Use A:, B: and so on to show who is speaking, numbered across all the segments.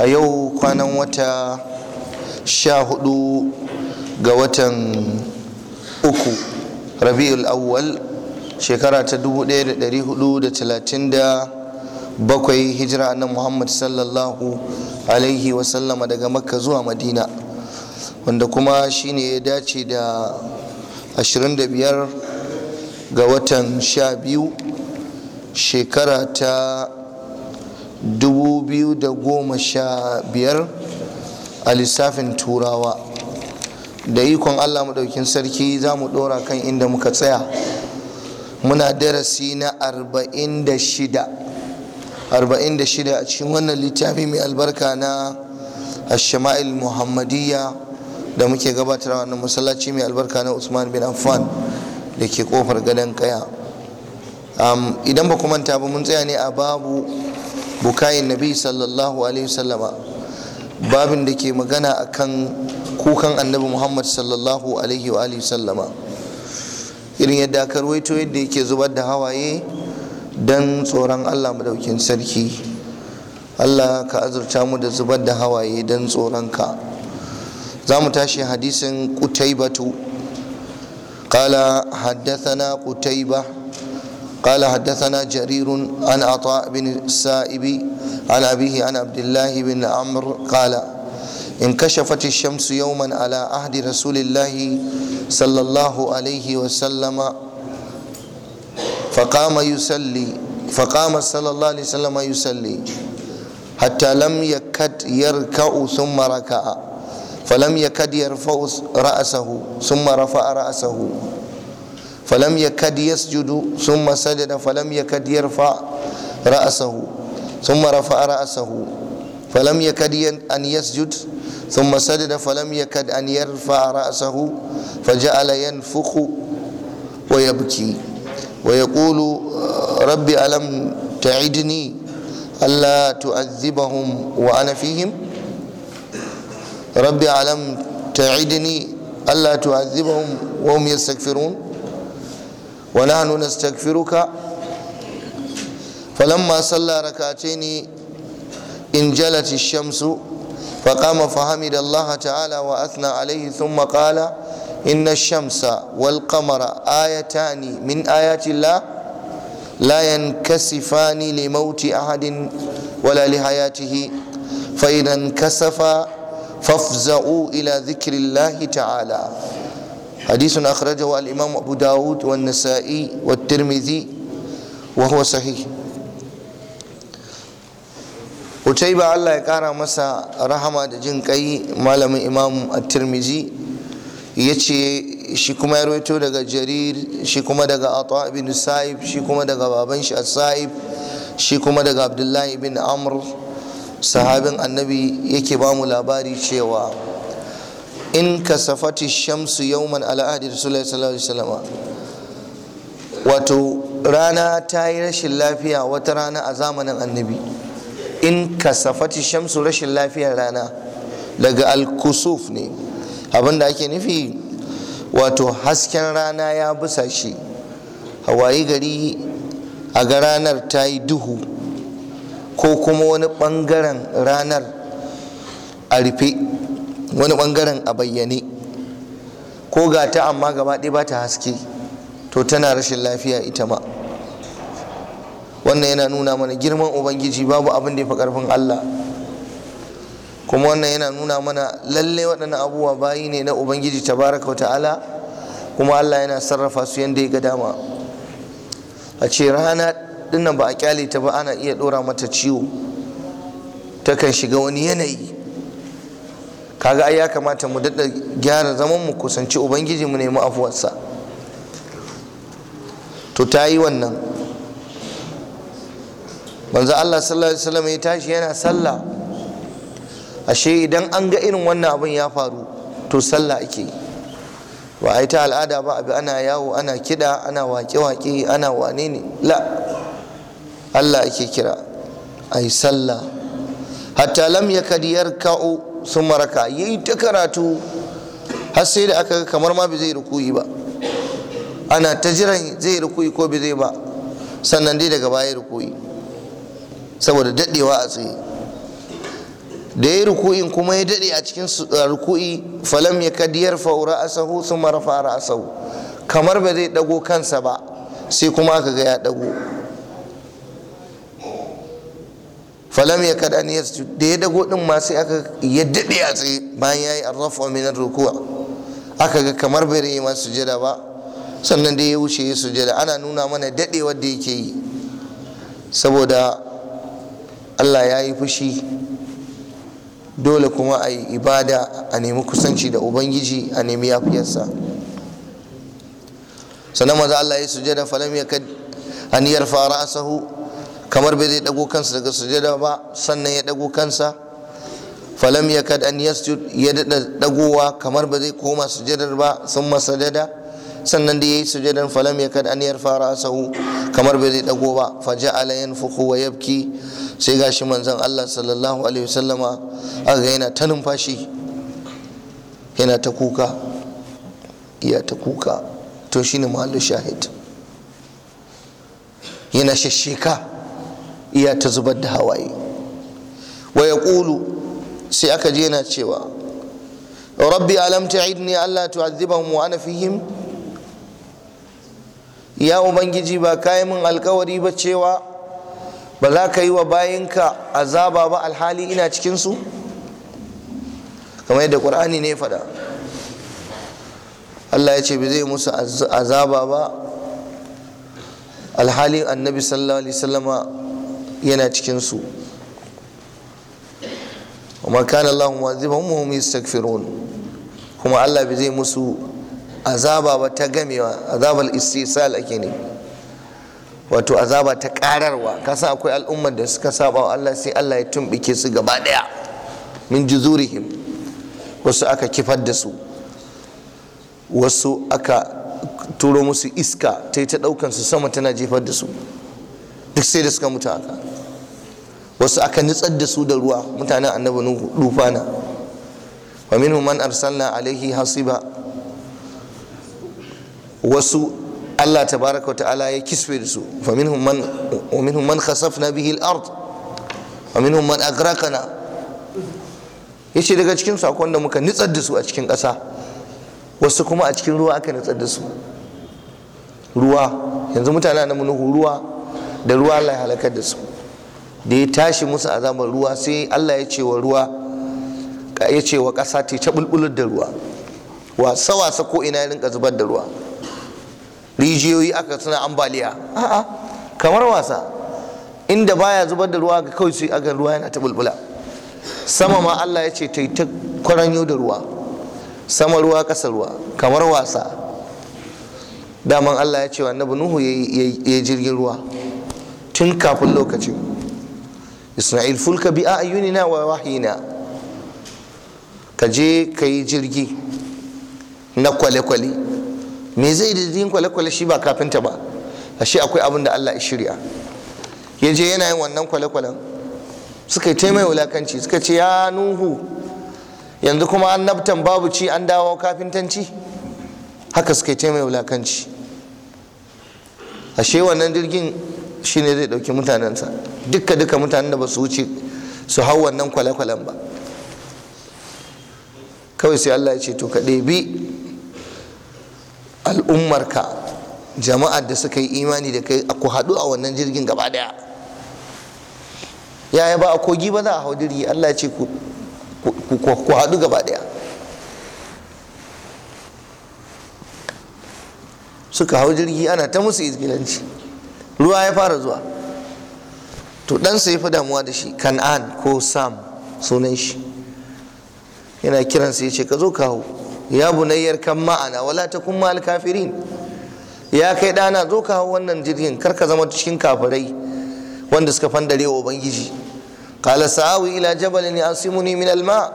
A: a yau kwanan wata sha hudu ga watan uku rabi'ul awwal shekara ta 1437 hijira na muhammad sallallahu alaihi wasallama daga makka zuwa madina wanda kuma shine ya dace da 25 ga watan 12 shekara ta 2015 a lissafin turawa da ikon allah maɗaukin sarki za mu ɗora kan inda muka tsaya muna darasi na 46 shida a cikin wannan littafi mai albarka na ashama'il muhammadiyya da muke gabatar na masallaci mai albarka na usman bin affan da ke kofar gadon kaya idan ba manta ba mun tsaya ne a babu bukayin nabi sallallahu alaihi wasallama babin da ke magana akan kukan annabi muhammad sallallahu alaihi wa sallama irin yadda aka ruwaito yadda yake zubar da hawaye don tsoron allah madaukin sarki allah ka azurta mu da zubar da hawaye don tsoronka za mu tashi hadisin kutai haddasa قال حدثنا قتيبه قال حدثنا جرير عن عطاء بن السائب عن أبيه عن عبد الله بن عمرو قال انكشفت الشمس يوما على عهد رسول الله صلى الله عليه وسلم فقام يصلي فقام صلى الله عليه وسلم يصلي حتى لم يكد يركع ثم ركع فلم يكد يرفع رأسه ثم رفع رأسه فلم يكد يسجد ثم سجد فلم يكد يرفع رأسه ثم رفع رأسه فلم يكد أن يسجد ثم سجد فلم يكد أن يرفع رأسه فجعل ينفخ ويبكي ويقول رب ألم تعدني ألا تعذبهم وأنا فيهم رب ألم تعدني ألا تعذبهم وهم يستكفرون ونحن نستغفرك فلما صلى ركعتين انجلت الشمس فقام فحمد الله تعالى وأثنى عليه ثم قال إن الشمس والقمر آيتان من آيات الله لا ينكسفان لموت أحد ولا لحياته فإذا انكسفا فافزعوا إلى ذكر الله تعالى حديث أخرجه الإمام أبو داود والنسائي والترمذي وهو صحيح Utaiba Allah ya kara masa rahama da jin kai malamin Imam At-Tirmizi ya ce shi kuma ya rawaito daga Jarir shi kuma daga Ata ibn Sa'ib shi kuma daga baban shi saib shi kuma daga Abdullahi bin Amr sahabin Annabi yake ba mu labari cewa in kasafati shamsu yawman ala ahdi rasulullahi sallallahu alaihi wasallam wato rana ta yi rashin lafiya wata rana a zamanin annabi in kasafati shamsu rashin lafiyar rana daga al-kusuf ne abinda ake nufi wato hasken rana ya busa shi hawaye gari a ga ranar ta yi duhu ko kuma wani bangaren ranar a rufe wani bangaren a bayyane ko ga ta amma gaba ɗaya ba ta haske to tana rashin lafiya ita ma wannan yana nuna mana girman ubangiji babu abin da ya fi ƙarfin allah kuma wannan yana nuna mana lalle waɗannan abubuwa bayi ne na ubangiji tabaraka wa ta'ala kuma allah yana sarrafa su yadda ya ga dama a ce rana dinnan ba a kyale ta ba ana iya ɗora mata ciwo takan shiga wani yanayi kaga ai ya kamata mu daɗa gyara zaman mu kusanci ubangiji mu nemi afuwarsa to ta yi wannan manzo Allah sallallahu alaihi wasallam ya tashi yana sallah ashe idan an ga irin wannan abin ya faru to sallah ake ba a yi ta al'ada ba abi ana yawo ana kida ana wake-wake ana wane ne la Allah ake kira ai sallah hatta lam ya kadiyar ka'o sun maraka ya yi ta karatu har sai da aka kamar ma bai zai rukuyi ba ana ta jiran zai rukuyi ko bai zai ba sannan dai daga baya rukuyi saboda daɗewa a tsaye da ya rukuyin kuma ya daɗe a cikin rukuyi falam ya kadiyar fa'ura asahu sun marafa asahu kamar ba zai ɗago kansa ba sai kuma aka ga ya ɗago falam ya kada an yasu da ya dago din ma sai aka ya dade a tsaye bayan yayi arrafa min ruku'a aka ga kamar bai yi ma sujada ba sannan da ya wuce ya sujada ana nuna mana dade wanda yake yi saboda Allah ya yi fushi dole kuma a yi ibada a nemi kusanci da ubangiji a nemi yafiyarsa sannan maza Allah ya sujada falam ya kad an yarfa sahu kamar bai zai dago kansa daga sujada ba sannan ya dago kansa falam yakad an yasjud ya dada dagowa kamar ba zai koma sujadar ba sun masajada sannan da yayi sujadan falam yakad an yarfa ra'sahu kamar bai zai dago ba faja'ala yanfukhu wa yabki sai gashi manzon Allah sallallahu alaihi wasallama aga yana ta numfashi yana ta kuka ya ta kuka to shine mahallu shahid yana shashika iya ta zubar da hawaye wa ya ƙulu sai aka je yana cewa rabbi alam ta'idni allah tu'adhibahum wa ana fihim ya ubangiji ba kayi min alkawari ba cewa ba za ka yi wa bayinka azaba ba alhali ina cikinsu kamar yadda ƙur'ani ne faɗa allah ya ce ba zai musu azaba ba alhali annabi sallallahu alaihi wasallama yana cikinsu wa kana Allah mu'azibahum wa hum yastaghfirun kuma Allah bai zai musu azaba ba ta gamewa azabal istisal ake ne wato azaba ta kararwa kasa akwai al'ummar da suka saba wa Allah sai Allah ya tumbike su gaba daya min juzurihim wasu aka kifar da su wasu aka turo musu iska ta yi ta daukan su sama tana jefar da su duk sai da suka mutu haka wasu aka nutsar da su da ruwa mutanen annabi nuhu dufana wa minhum man arsalna alaihi hasiba wasu Allah tabaraka ta'ala ya kiswe da su fa minhum man wa minhum man khasafna bihi al-ard wa minhum man agraqna yace daga cikin sakon da muka nutsar da su a cikin ƙasa wasu kuma a cikin ruwa aka nutsar da su ruwa yanzu mutane na nuhu ruwa da ruwa Allah ya halakar da su da ya tashi musu azabar ruwa sai Allah ya ce wa ruwa ya ce wa ƙasa ta ta bulbular da ruwa wasa wasa ko ina rinka zubar da ruwa rijiyoyi aka suna ambaliya a'a kamar wasa inda baya zubar da ruwa ga kawai sai aga ruwa yana ta bulbula sama ma Allah ya ce ta ta kwaranyo da ruwa sama ruwa ƙasa ruwa kamar wasa daman Allah ya ce wa Nuhu ya yi jirgin ruwa tun kafin lokacin isra'il fulka bi a'yunina wa wahina ka je ka yi jirgi na kwale-kwale me zai da jirgin kwale-kwale shi ba kafinta ba ashe akwai abin da Allah ya shirya ya je yana yin wannan kwale-kwalen suka yi taimai wulakanci suka ce ya nuhu yanzu kuma an nabtan babu ci an dawo kafintanci haka suka yi taimai wulakanci ashe wannan jirgin shine zai dauki mutanensa dukka duka mutanen da ba su wuce su hau wannan kwale-kwalen ba kawai sai Allah ya ce to ka ɗebi al'ummarka jama'ar da suka yi imani da kai ku haɗu a wannan jirgin gaba daya yaya ba a kogi ba za a hau jirgi Allah ya ce ku haɗu gaba daya suka hau jirgi ana ta musu izgilanci ruwa ya fara zuwa to ɗansa ya fi damuwa da shi kan'an ko sam sunan shi yana kiransa ya ce ka zo kawo ya bunayyar kan ma'ana wala ta kuma alkafirin ya kai ɗana zo kawo wannan jirgin kar ka zama cikin kafirai wanda suka fandare rewa ubangiji kala sa'awi ila jabalin asimuni min alma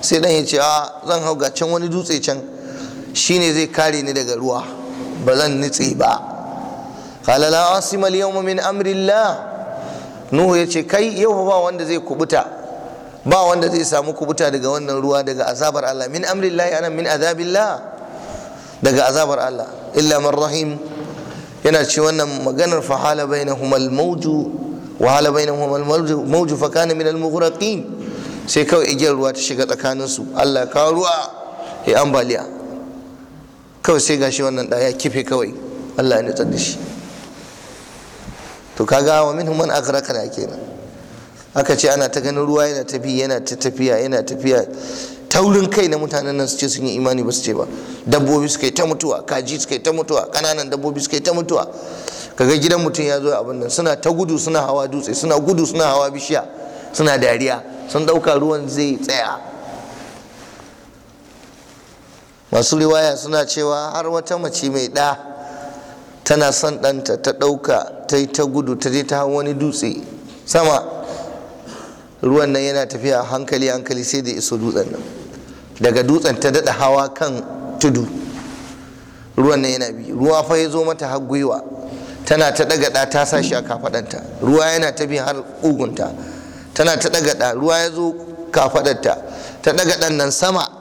A: sai dan ce a zan hau ga can wani dutse can shine zai kare ni daga ruwa ba zan nitse ba قال لا عاصم اليوم من min الله nuhu ya ce kai yau ba wanda zai kubuta ba wanda zai samu kubuta daga wannan ruwa daga azabar Allah min Allah ana min Allah daga azabar Allah illa man rahim yana ci wannan maganar fahala bainahum al-mawju wa hala bainahum al-mawju fa kana min al-mughraqin sai kawai igiyar ruwa ta shiga tsakanin su Allah ka ruwa ya ambaliya kawai sai gashi wannan da ya kife kawai Allah ya nutsar da shi to kaga wa minhum man aghraqna kenan aka ce ana ta ganin ruwa yana tafi yana ta tafiya yana tafiya taurin kai na mutanen nan su ce sun yi imani ba su ce ba dabbobi suka yi ta mutuwa kaji suka yi ta mutuwa kananan dabbobi suka yi ta mutuwa kaga gidan mutum ya zo a nan suna ta gudu suna hawa dutse suna gudu suna hawa bishiya suna dariya sun dauka ruwan zai tsaya masu riwaya suna cewa har wata mace mai ɗa tana son ɗanta ta ɗauka ta yi ta gudu ta je ta hau wani dutse sama ruwan nan yana tafiya hankali hankali sai da iso dutsen nan daga dutsen ta daɗa hawa kan tudu ruwan nan yana bi ruwa fa ya zo mata har gwiwa tana ta ɗaga ɗa ta sa shi a kafaɗanta ruwa yana ta bi har ƙugunta tana ta ɗaga ɗa ruwa ya zo kafaɗarta ta ɗaga ɗan nan sama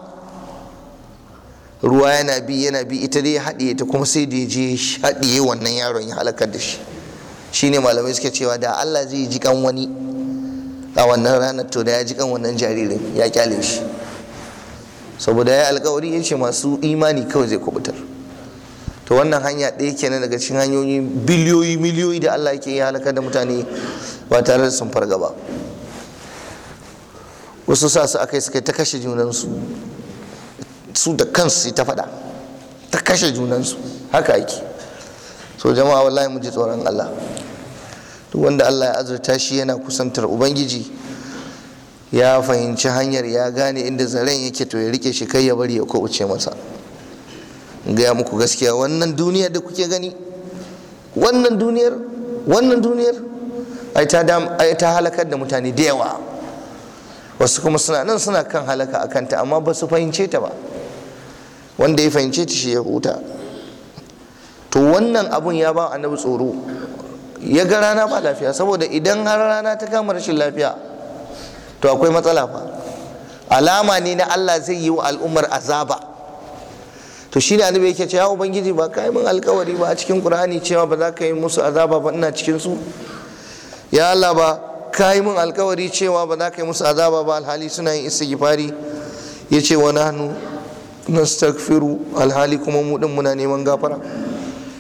A: ruwa yana bi yana bi ita dai haɗiye ta kuma sai da ya je haɗiye wannan yaron ya halakar da shi shine malamai suke cewa da Allah zai ji kan wani a wannan ranar to da ya ji kan wannan jaririn ya kyale shi saboda ya alkawari ya ce masu imani kawai zai kubutar to wannan hanya ɗaya kenan daga cikin hanyoyi biliyoyi miliyoyi da Allah yake ya halakar da mutane ba tare da sun ba wasu sa su aka yi suka ta kashe junansu su da kansu ta faɗa ta kashe junansu haka ake so jama'a wallahi mu ji tsoron Allah duk wanda Allah ya azurta shi yana kusantar ubangiji ya fahimci hanyar ya gane inda zaren yake to ya rike shi kai ya bari ya kowace masa gaya muku gaskiya wannan duniyar da kuke gani wannan duniyar wannan duniyar ai ta halakar da mutane da yawa wasu kuma suna nan suna kan halaka a kanta amma ba su fahimce ta ba wanda ya fahimce ta shi ya huta to wannan abun ya ba annabi tsoro ya ga rana ba lafiya saboda idan har rana ta kama rashin lafiya to akwai matsala fa alama ne na Allah zai yi wa al'ummar azaba to shi ne annabi yake cewa ubangiji ba kai min alkawari ba a cikin qur'ani cewa ba za ka yi musu azaba ba ina cikin su ya Allah ba kai min alkawari cewa ba za ka yi musu azaba ba alhali suna yin istighfari yace wa nahnu nastaghfiru alhali kuma mu din muna neman gafara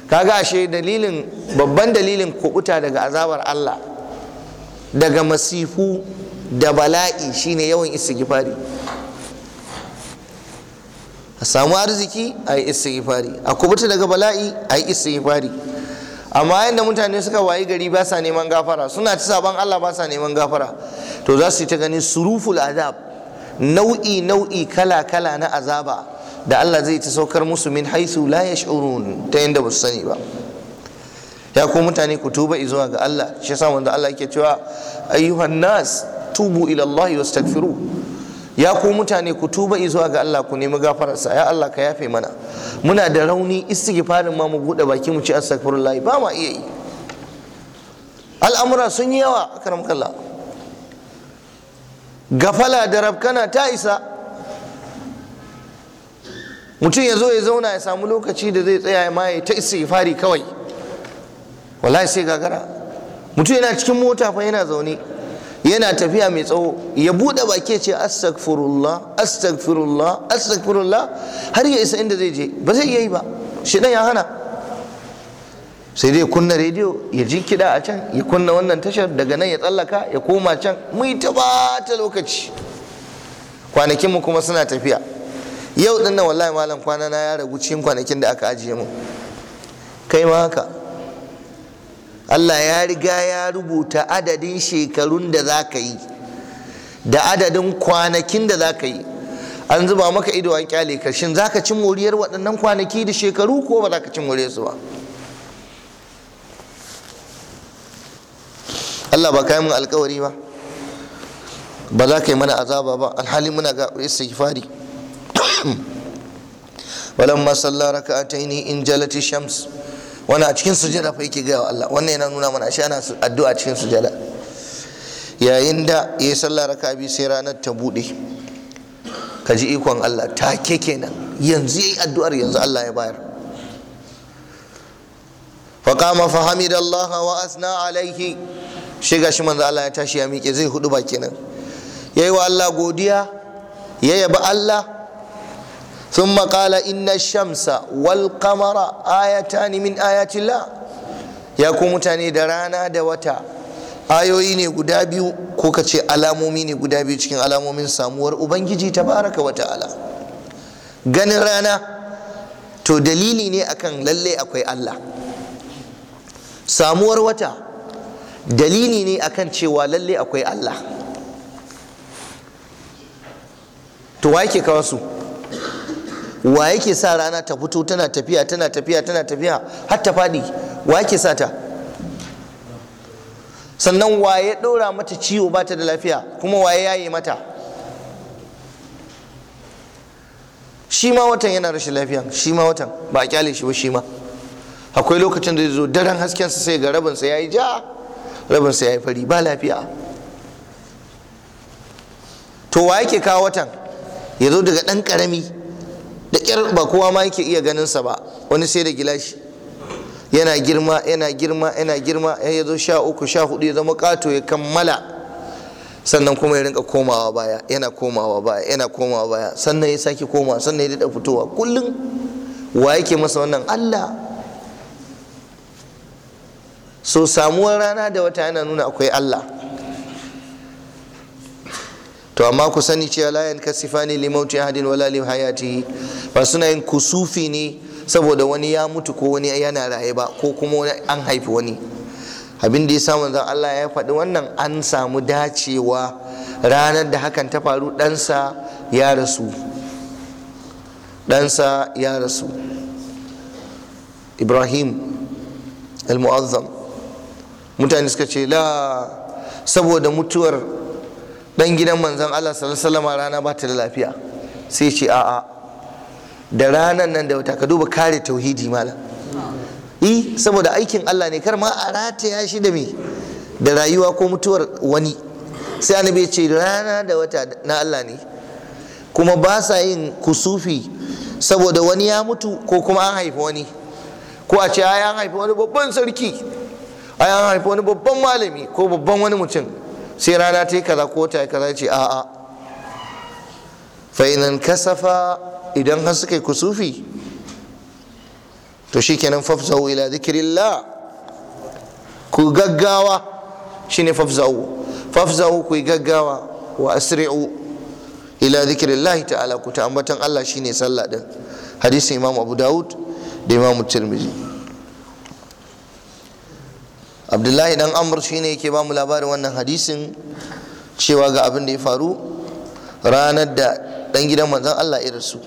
A: kaga ashe dalilin babban dalilin kubuta daga azabar Allah daga masifu da bala'i shine yawan istighfari a samu arziki a yi istighfari a kubuta daga bala'i a yi istighfari amma yadda mutane suka wayi gari ba sa neman gafara suna ta saban Allah ba sa neman gafara to za su yi ta ganin suruful azab nau'i nau'i kala kala na azaba da Allah zai ta saukar musu min haisu la yash'urun ta yanda ba su sani ba ya ku mutane ku tuba zuwa ga Allah shi yasa wanda Allah yake cewa ayyuhan nas tubu ila Allah wastaghfiru ya ku mutane ku tuba zuwa ga Allah ku nemi gafararsa ya Allah ka yafe mana muna da rauni istighfarin ma mu buɗe baki mu ci astaghfirullah ba ma iya yi al'amura sun yi yawa karam gafala da rabkana ta isa mutum ya zo ya zauna ya samu lokaci da zai tsaya ma ya ta fari kawai wallahi sai gagara mutum yana cikin mota fa yana zaune yana tafiya mai tsawo ya buɗe baki ce astaghfirullah astaghfirullah astaghfirullah har ya isa inda zai je ba zai yi ba shi ya hana sai dai kunna rediyo ya ji kiɗa a can ya kunna wannan tashar daga nan ya tsallaka ya koma can mai ta bata lokaci kwanakinmu kuma suna tafiya yau din nan wallahi malam kwana na ya ragu cikin kwanakin da aka ajiye mu kai ma haka Allah ya riga ya rubuta adadin shekarun da za ka yi da adadin kwanakin da za ka yi an zuba maka ido an kyale ka shin za ka cin moriyar waɗannan kwanaki da shekaru ko ba za ka cin moriyar su ba Allah ba ka yi mun alkawari ba ba za ka yi mana azaba ba alhali muna ga istighfari walamma salla raka'ataini in jalati shams wannan a cikin sujada fa yake gaya wa Allah wannan yana nuna mana ashe ana addu'a cikin sujada yayin da ya yi sallah raka biyu sai ranar ta bude ka ji ikon Allah ta ke kenan yanzu yayi addu'ar yanzu Allah ya bayar faqama fa Allah wa asna alaihi shi gashi manzo Allah ya tashi ya miƙe zai hudu ba kenan yayi wa Allah godiya ya yaba Allah Sun ثم قال إن الشمس والقمر آيتان Ya آيات mutane da rana da wata ayoyi ne guda biyu ko ka ce alamomi ne guda biyu cikin alamomin samuwar ubangiji tabaraka wa ta'ala ganin rana to dalili ne akan lalle akwai Allah samuwar wata dalili ne akan cewa lalle akwai Allah to wa yake kawo su wa yake sa rana ta fito tana tafiya tana tafiya tana tafiya har ta faɗi wa yake sa ta sannan wa ya ɗora mata ciwo ba ta da lafiya kuma wa ya yaye mata shi ma watan yana rashin lafiya shi ma watan ba a kyale shi ba shi ma akwai lokacin da zo daren haskensa sai ga rabinsa ya yi ja rabinsa ya yi fari ba lafiya to wa yake kawo watan ya zo daga ɗan ƙarami da kyar ba kowa ma yake iya ganin sa ba wani sai da gilashi yana girma yana girma yana girma ya zo sha uku sha hudu ya zama kato ya kammala sannan kuma ya rinka komawa baya yana komawa baya yana komawa baya sannan ya sake komawa sannan ya daɗa fitowa kullum wa yake masa wannan Allah so samuwar rana da wata yana nuna akwai Allah to amma ku sani cewa layan kasifa li mauti ahadin wala li hayatihi ba suna yin kusufi ne saboda wani ya mutu ko wani yana raye ba ko kuma an haifi wani abin da ya samu zan Allah ya faɗi wannan an samu dacewa ranar da hakan ta faru ɗansa ya rasu ɗansa ya rasu ibrahim al-mu'azzam mutane suka ce la saboda mutuwar dan gidan manzan Allah sallallahu alaihi rana ba ta da lafiya sai ce a'a da ranan nan da wata ka duba kare tauhidi malam eh saboda aikin Allah ne kar ma a rataya shi da me da rayuwa ko mutuwar wani sai annabi ya ce rana da wata na Allah ne kuma ba sa yin kusufi saboda wani ya mutu ko kuma an haifi wani ko a ce ai haifi wani babban sarki ai haifi wani babban malami ko babban wani mutum sai rana ta yi kaza ko ta yi kaza ce a'a fa'inan kasafa idan har suka yi kusufi to shi kenan fafzawo ila la ku gaggawa shi ne fafzawo fafzawo ku gaggawa wa asri'u ila zikirillah ta'ala ku ta ambatan Allah shine sallah din hadisin imam abu daud da imamu tirmidhi abdullahi dan amr shine yake ba mu labarin wannan hadisin cewa ga abin da ya faru ranar da dan gidan manzon Allah irinsu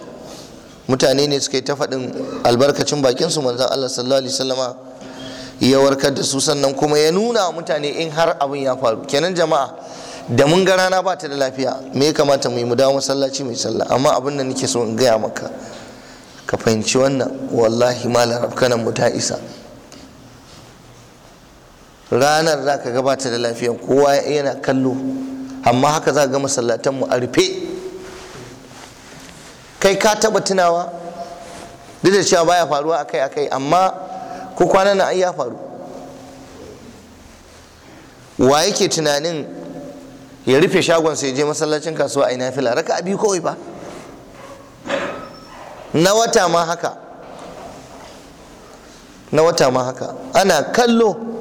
A: mutane ne suka yi ta faɗin albarkacin bakin su manzon Allah sallallahu alaihi wasallama ya warkar da su sannan kuma ya nuna wa mutane in har abin ya faru kenan jama'a da mun ga rana ba ta da lafiya me ya kamata mu yi mu dawo masallaci mai sallah amma abin da nake so in gaya maka ka fahimci wannan wallahi malam rafkanan mu ta isa ranar za ka gabata da lafiya kowa yana kallo amma haka za ka ga masallatanmu a rufe kai ka taba tunawa duk da cewa baya faruwa akai akai amma ko kwana na ai ya faru wa yake tunanin ya rufe shagon sai je masallacin kasuwa a ina fila raka abi kawai ba na wata ma haka na wata ma haka ana kallo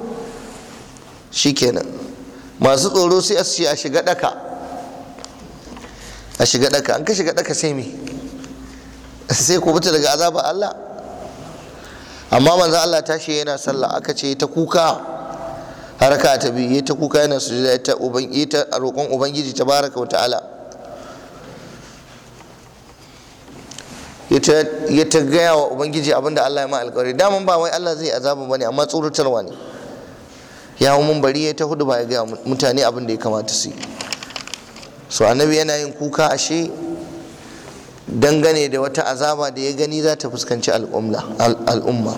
A: shikenan masu tsoro sai a shiga daka a shiga daka an ka shiga daka sai me sai ku fita daga azaba Allah amma manzo Allah tashi yana sallah aka ce ta kuka haraka ta biyu ta kuka yana sujuda ta uban ita a roƙon ubangiji tabaraka wa ta'ala ya ta gaya wa ubangiji abinda Allah ya ma alƙawari daman ba wai Allah zai azaba bane amma tsoratarwa ne ya hau mun bari ya ta hudu ba ya ga mutane abin da ya kamata su yi so annabi yana yin kuka ashe dangane da wata azaba da ya gani za ta fuskanci al'umma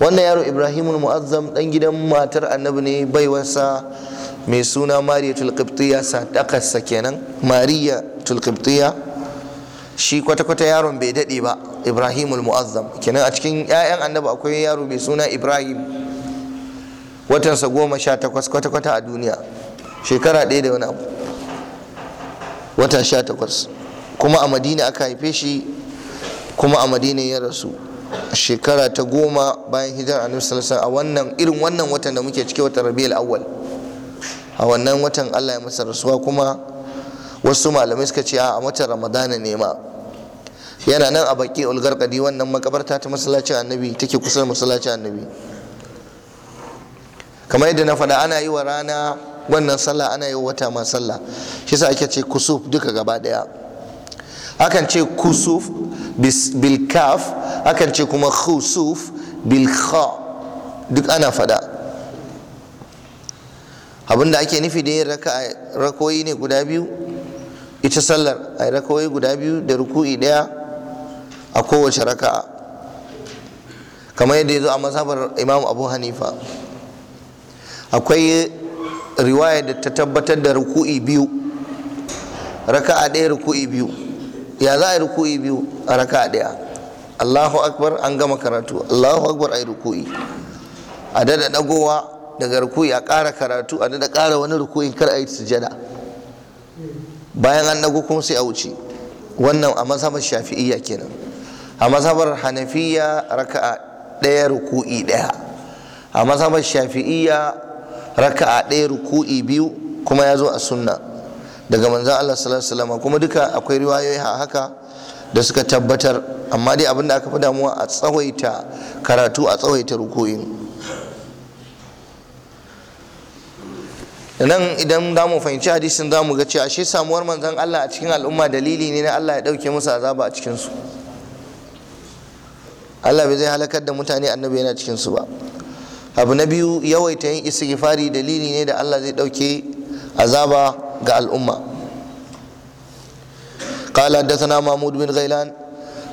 A: wannan yaro ibrahimul mu'azzam dan gidan matar annabi ne baiwarsa mai suna mariya tulkiptiya sadakarsa kenan mariya tulkiptiya shi kwata-kwata yaron bai daɗe ba ibrahimul mu'azzam kenan a cikin 'ya'yan annabi akwai yaro mai suna ibrahim watansa goma sha takwas kwata-kwata a duniya shekara ɗaya da wani abu wata sha takwas kuma a madina aka haife shi kuma a madina ya rasu shekara ta goma bayan hijirar a sallallahu a wannan irin wannan watan da muke ciki watan rabiul awwal a wannan watan Allah ya masa rasuwa kuma wasu malamai suka ce a watan ramadana ne ma yana nan a baki ulgarkadi wannan makabarta ta masallacin annabi take kusa da masallacin annabi kamar yadda na faɗa ana yi wa rana wannan sallah ana yi wa wata ma sallah shi sa ake ce kusuf duka gaba ɗaya akan ce kusuf bil kaf akan ce kuma khusuf bil kha duk ana faɗa abinda ake nufi da yin rakoyi ne guda biyu ita sallar a rakoyi guda biyu da ruku'i daya a kowace raka'a kamar yadda ya zo a mazhabar imam abu hanifa akwai riwaya da ta tabbatar da ruku'i biyu raka'a ɗaya ruku'i biyu ya za a yi ruku'i biyu a raka'a ɗaya allahu akbar an gama karatu allahu akbar a yi ruku'i a dada dagowa daga ruku'i a ƙara karatu a dada ƙara wani ruku'i kar a yi sujada bayan an ɗago kuma sai a wuce wannan a mazhabar shafi'iyya kenan a mazhabar hanafiya raka'a ɗaya ruku'i ɗaya a mazhabar shafi'iyya raka'a ɗaya ruku'i biyu kuma ya zo a sunna daga manzan Allah sallallahu kuma duka akwai riwayoyi a haka da suka tabbatar amma dai abin da aka fi damuwa a tsawaita karatu a tsawaita ruku'in nan idan za mu fahimci hadisin za mu ga cewa shi samuwar manzan Allah a cikin al'umma dalili ne na Allah ya ɗauke musu azaba a cikinsu Allah bai zai halakar da mutane annabi yana cikinsu ba abu na biyu yawaita yin istighfari dalili ne da Allah zai dauke azaba ga al'umma قال حدثنا محمود بن غيلان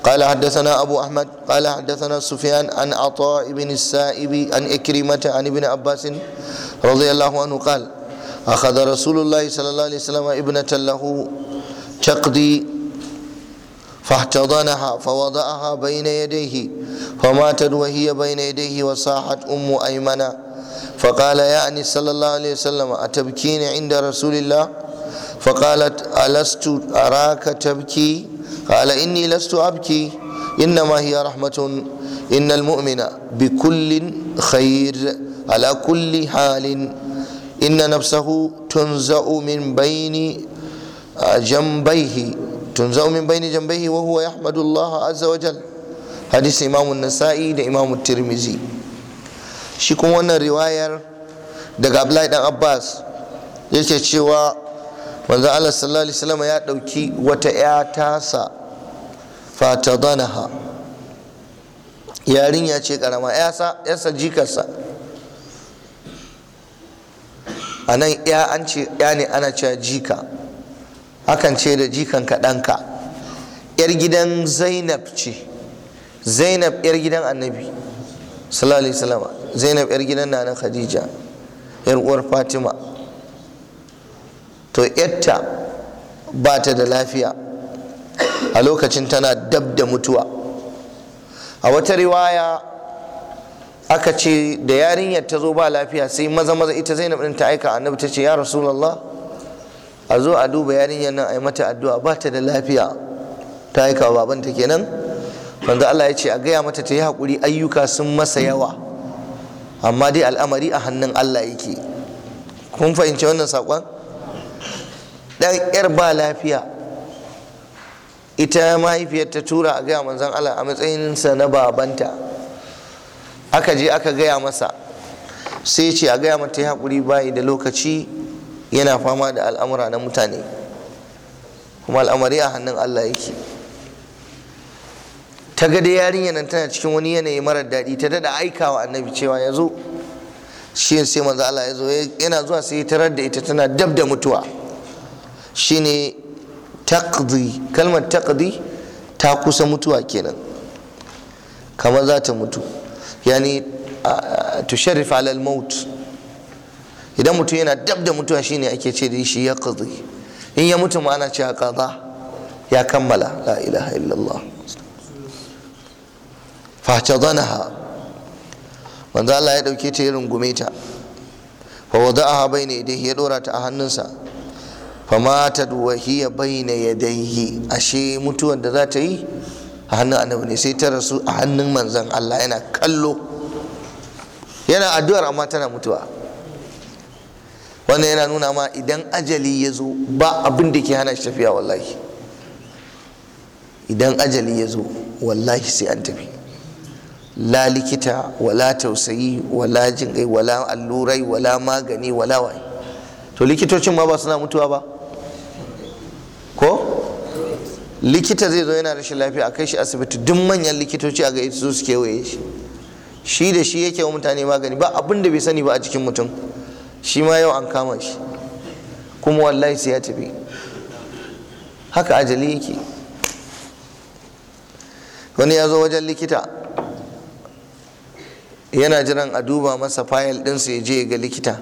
A: قال حدثنا أبو أحمد قال حدثنا سفيان عن عطاء بن السائب عن إكرمة عن ابن عباس رضي الله عنه قال أخذ رسول الله صلى الله عليه وسلم ابنة له تقضي فاحتضنها فوضعها بين يديه فماتت وهي بين يديه وصاحت أم أيمنة فقال يعني صلى الله عليه وسلم أتبكين عند رسول الله فقالت ألست أراك تبكي قال إني لست أبكي إنما هي رحمة إن المؤمن بكل خير على كل حال إن نفسه تنزأ من بين جنبيه tunzau min baini jambayhi wa huwa yahmadu Allah azza wa jal hadisi imamu nasa'i da imamu tirmizi shi kuma wannan riwayar daga abdullahi dan abbas yake cewa manzo Allah sallallahu alaihi wasallam ya dauki wata ya tasa fatadanaha yarinya ce karama ya sa jikarsa a ya an ce ya ne ana cewa jika akan ce da jikan ka. yar gidan zainab ce zainab yar gidan annabi sallallahu alaihi zainab yar gidan nana khadija yar uwar fatima to yatta ba ta da lafiya a lokacin tana dab da mutuwa a wata riwaya aka ce da yarinyar ta zo ba lafiya sai maza maza ita zainab ɗin ta aika annabi ta ce ya rasulallah a zo a duba yarinyar nan a yi mata addu'a ba ta da lafiya ta aika wa babanta kenan wanda Allah ya ce a gaya mata ta yi haƙuri ayyuka sun masa yawa amma dai al'amari a hannun Allah yake kun fahimci wannan saƙon ɗan yar ba lafiya ita mahaifiyar ta tura a gaya manzan Allah a matsayinsa na babanta aka je aka gaya masa sai ce a gaya mata ya haƙuri bayi da lokaci yana fama da al'amura na mutane kuma al'amari a hannun Allah yake ta ga dai yarinya nan tana cikin wani yanayi marar daɗi ta dada aikawa annabi cewa ya zo shi sai manzo Allah ya zo yana zuwa sai ya tarar da ita tana dab da mutuwa Shi ne taqdi kalmar taqdi ta kusa mutuwa kenan kamar za ta mutu yani tusharrif ala al-maut idan mutum yana dab da mutuwa shine ake ce da shi ya kazi in ya mutu ma'ana ce cewa kaza ya kammala la ilaha illallah zana ha wanda Allah ya dauke ta irin gume ta fa wada'aha ne idan ya dora ta a hannunsa fa ya bai hiya ya dai ashe mutuwan da za ta yi a hannun annabi ne sai ta rasu a hannun manzan Allah yana kallo yana addu'ar amma tana mutuwa wannan yana nuna ma idan ajali ya zo ba abin da ke hana shi tafiya wallahi idan ajali ya zo wallahi sai an tafi la likita wala tausayi wala jingai wala allurai wala magani wala wai to likitocin ma ba suna mutuwa ba ko likita zai zo yana rashin lafiya a kai shi asibiti duk manyan likitoci a ga su suke waye shi shi da shi yake wa mutane magani ba abin da bai sani ba a jikin mutum shi ma yau an kama shi kuma wallahi sai ya tafi haka ajali yake wani ya zo wajen likita yana jiran a duba masa fayil ɗinsa ya je ga likita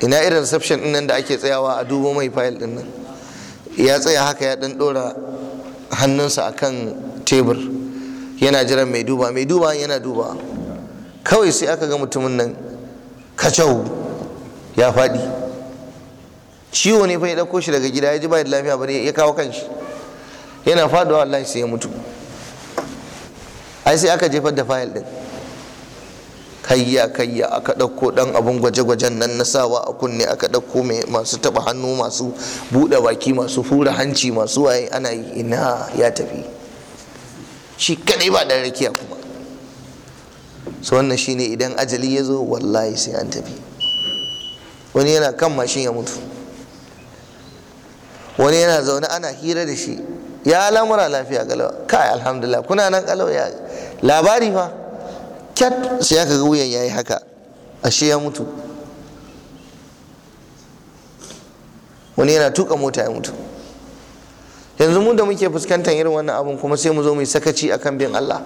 A: ina irin reception din nan da ake tsayawa a dubo mai fayil ɗin nan ya tsaya haka ya ɗan ɗora hannunsa a kan tebur yana jiran mai duba mai duba yana duba kawai sai aka ga mutumin nan kacau ya faɗi ciwo ne fa ya ɗauko shi daga gida ya ji ba da lafiya bari ya kawo kanshi yana faɗuwa wallahi sai ya mutu ai sai aka jefar da fayil ɗin kayya kayya aka ɗauko ɗan abun gwaje-gwajen nan na sawa a kunne aka ɗauko masu taɓa hannu masu buɗe baki masu fura hanci masu waye ana yi ina ya tafi shi kaɗai ba ɗan rakiya kuma su wannan shine idan ajali ya zo wallahi sai an tafi wani yana kan mashin ya mutu wani yana zaune ana hira da shi ya lamura lafiya galawa kai alhamdulillah kuna nan galawa ya labari fa kyat sai aka ga wuyan yayi haka ashe ya mutu wani yana tuka mota ya mutu yanzu mu da muke fuskantar irin wannan abun kuma sai mu zo mu yi sakaci akan bin Allah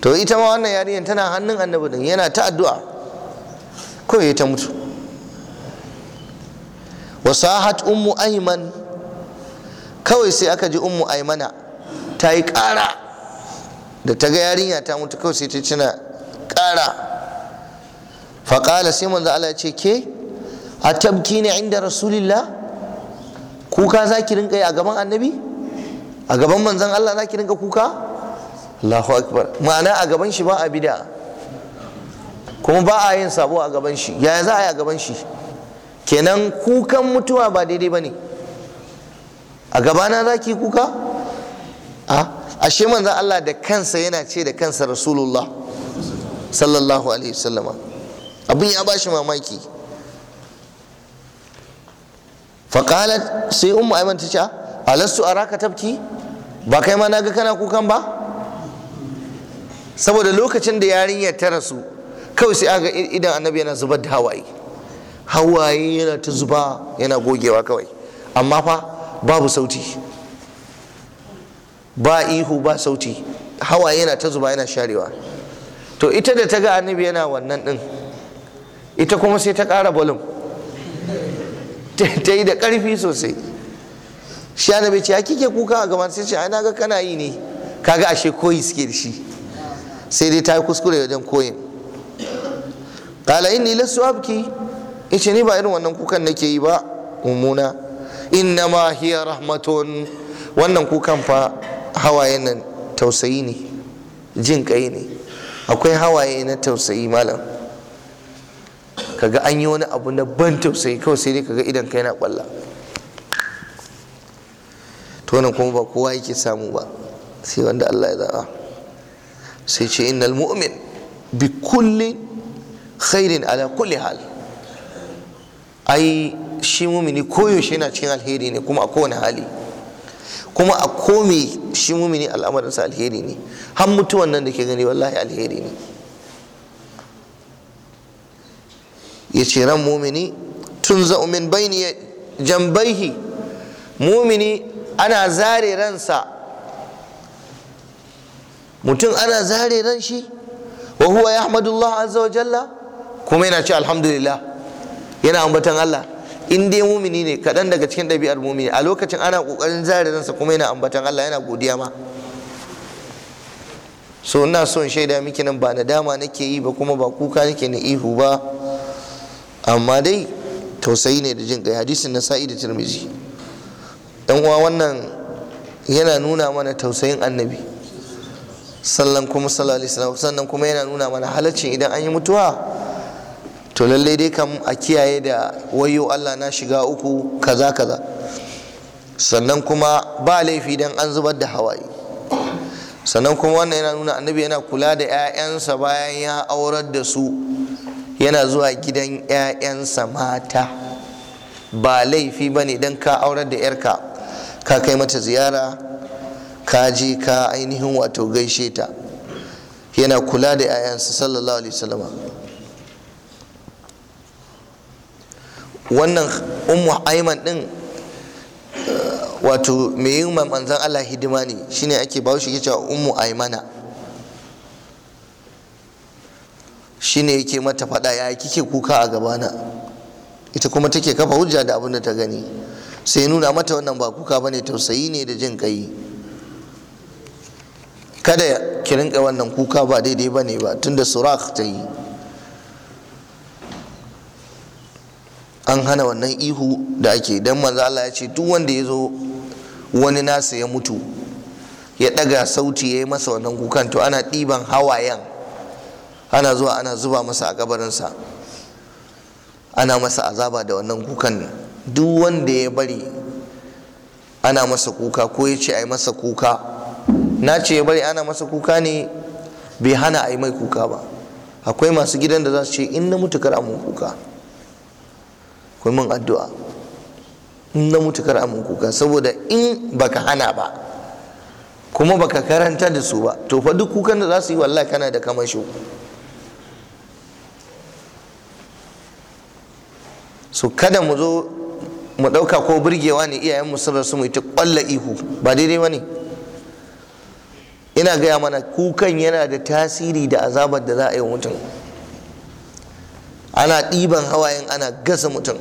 A: to ita ma wannan yarinyar tana hannun annabi din yana ta addu'a kawai ta mutu sahat ummu ayman kawai sai aka ji ummu aymana ta yi ƙara da ta ga yarinya ta mutu kawai sai ta cina ƙara faƙala sai manzo Allah ya ce ke a tabki ne inda rasulillah kuka za ki rinka yi a gaban annabi a gaban manzon Allah za ki rinka kuka Allahu akbar ma'ana a gaban shi ba a bida kuma ba a yin sabo a gaban shi yaya za a yi a gaban shi kenan kukan mutuwa ba daidai ba ne a gabana za ki kuka a ashe manzan Allah da kansa yana ce da kansa rasulullah sallallahu alaihi wasallama abin ya bashi mamaki faƙalat sai umma aiman ta ce alastu araka tabki ba kai ma na ga kana kukan ba saboda lokacin da yarinya ta rasu kawai sai aga idan annabi yana zubar da hawaye hawaye yana ta zuba yana gogewa kawai amma fa babu sauti ba ihu ba sauti hawaye yana ta zuba yana sharewa to ita da ta ga annabi yana wannan din ita kuma sai ta ƙara bolum ta yi da ƙarfi sosai shi annabi ce ya kike kuka a gaban sai ce ai na ga kana yi ne kaga ashe koyi suke da shi sai dai ta yi kuskure wajen koyin qala inni lasu abki yace ni ba irin wannan kukan nake yi ba mummuna inna ma hiya rahmatun wannan kukan fa hawaye nan tausayi ne jin kai ne akwai hawaye na tausayi malam kaga an yi wani abu na ban tausayi kawai sai dai kaga idan kai na kwalla to nan kuma ba kowa yake samu ba sai wanda Allah ya zaa sai ce innal mu'min bi kulli khairin ala kulli hal ai shi mumini koyaushe yana cikin alheri ne kuma a kowane hali kuma a komi shi mumini al'amarinsa alheri ne har mutuwan nan da ke gani wallahi alheri ne ya ce ran mumini tun za'umin bai jambaihi mumini ana zare ransa mutum ana zare ran shi wa huwa yahmadullah azza wa jalla kuma yana ce alhamdulillah yana ambatan Allah in dai mumini ne kaɗan daga cikin ɗabi'ar mumini a lokacin ana ƙoƙarin zare ransa kuma yana ambatan Allah yana godiya ma so ina son shaida miki nan ba nadama nake yi ba kuma ba kuka nake na ihu ba amma dai tausayi ne da jin kai hadisin na sa'i da tirmizi dan uwa wannan yana nuna mana tausayin annabi sallan kuma sallallahu sannan kuma yana nuna mana halaccin idan an yi mutuwa to lallai dai kam a kiyaye da wayo Allah na shiga uku kaza kaza sannan kuma ba laifi dan an zubar da hawaye sannan kuma wannan yana nuna annabi yana kula da 'ya'yansa bayan ya aurar da su yana zuwa gidan 'ya'yansa mata ba laifi ba ne ka aurar da 'yarka ka kai mata ziyara ka je ka ainihin wato gaishe ta yana kula da 'ya'yansa sallallahu alaihi wasallama wannan ummu aiman din eh, wato mai yin manzan Allah hidima ne shine ake ba shi cewa ummu aimana shine yake mata fada ya kike kuka a gabana ita kuma take kafa hujja da abin da ta gani sai nuna mata wannan ba kuka bane tausayi ne da jin kai kada ki rinka wannan kuka ba daidai ba ne ba tunda surak ta yi an hana wannan ihu da ake don manzo Allah ya ce duk wanda ya zo wani nasa ya mutu ya daga sauti ya yi masa wannan kukan to ana ɗiban hawayen ana zuwa ana zuba masa a kabarinsa ana masa azaba da wannan kukan duk wanda ya bari ana masa kuka ko ya ce a yi masa kuka na ce bari ana masa kuka ne bai hana a yi mai kuka ba akwai masu gidan da za su ce in na mutu kar amin kuka kuma mun addu'a in na mutu kar amin kuka saboda in baka hana ba kuma baka karanta da su ba to fa duk kukan da za su yi wallahi kana da kamar shi so kada mu zo mu ɗauka ko burgewa ne iyayen mu sun rasu mu ita kwalla ihu ba daidai ba ne ina gaya mana kukan yana da tasiri da azabar da za a yi mutum ana ɗiban hawayen ana gasa mutum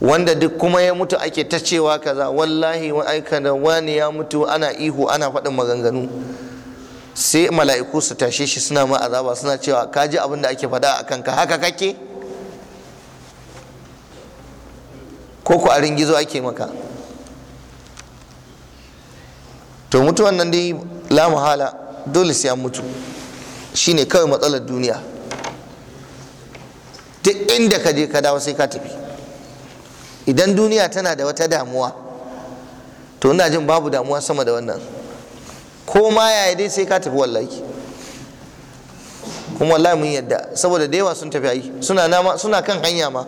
A: wanda duk kuma ya mutu ake ta cewa kaza wallahi aika da wani ya mutu ana ihu ana faɗin maganganu sai mala'iku su tashe shi suna ma azaba suna cewa ka ji abin da ake faɗa a kanka haka kake ko ku a ringizo ake maka to mutuwan nan dai la muhala dole sai an mutu shine kawai matsalar duniya duk inda ka je ka dawo sai ka tafi idan duniya tana da wata damuwa to ina jin babu damuwa sama da wannan ko ma yaya dai sai ka tafi wallahi kuma wallahi mun yadda saboda da yawa sun tafi ayi suna nama suna kan hanya ma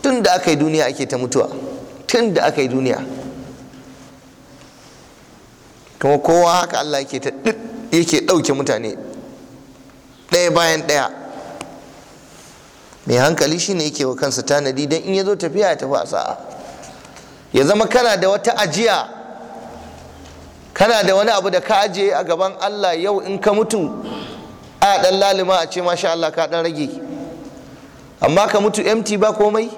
A: tun da aka yi duniya ake ta mutuwa tun da aka yi duniya kuma kowa haka Allah yake ta yake ɗauke mutane ɗaya bayan ɗaya mai hankali shi shine yake wa kansa tanadi don in ya zo tafiya ya tafi a sa'a ya zama kana da wata ajiya kana da wani abu da ka ajiye a gaban Allah yau in ka mutu a ɗan lalima a ce masha Allah ka ɗan rage amma ka mutu empty ba komai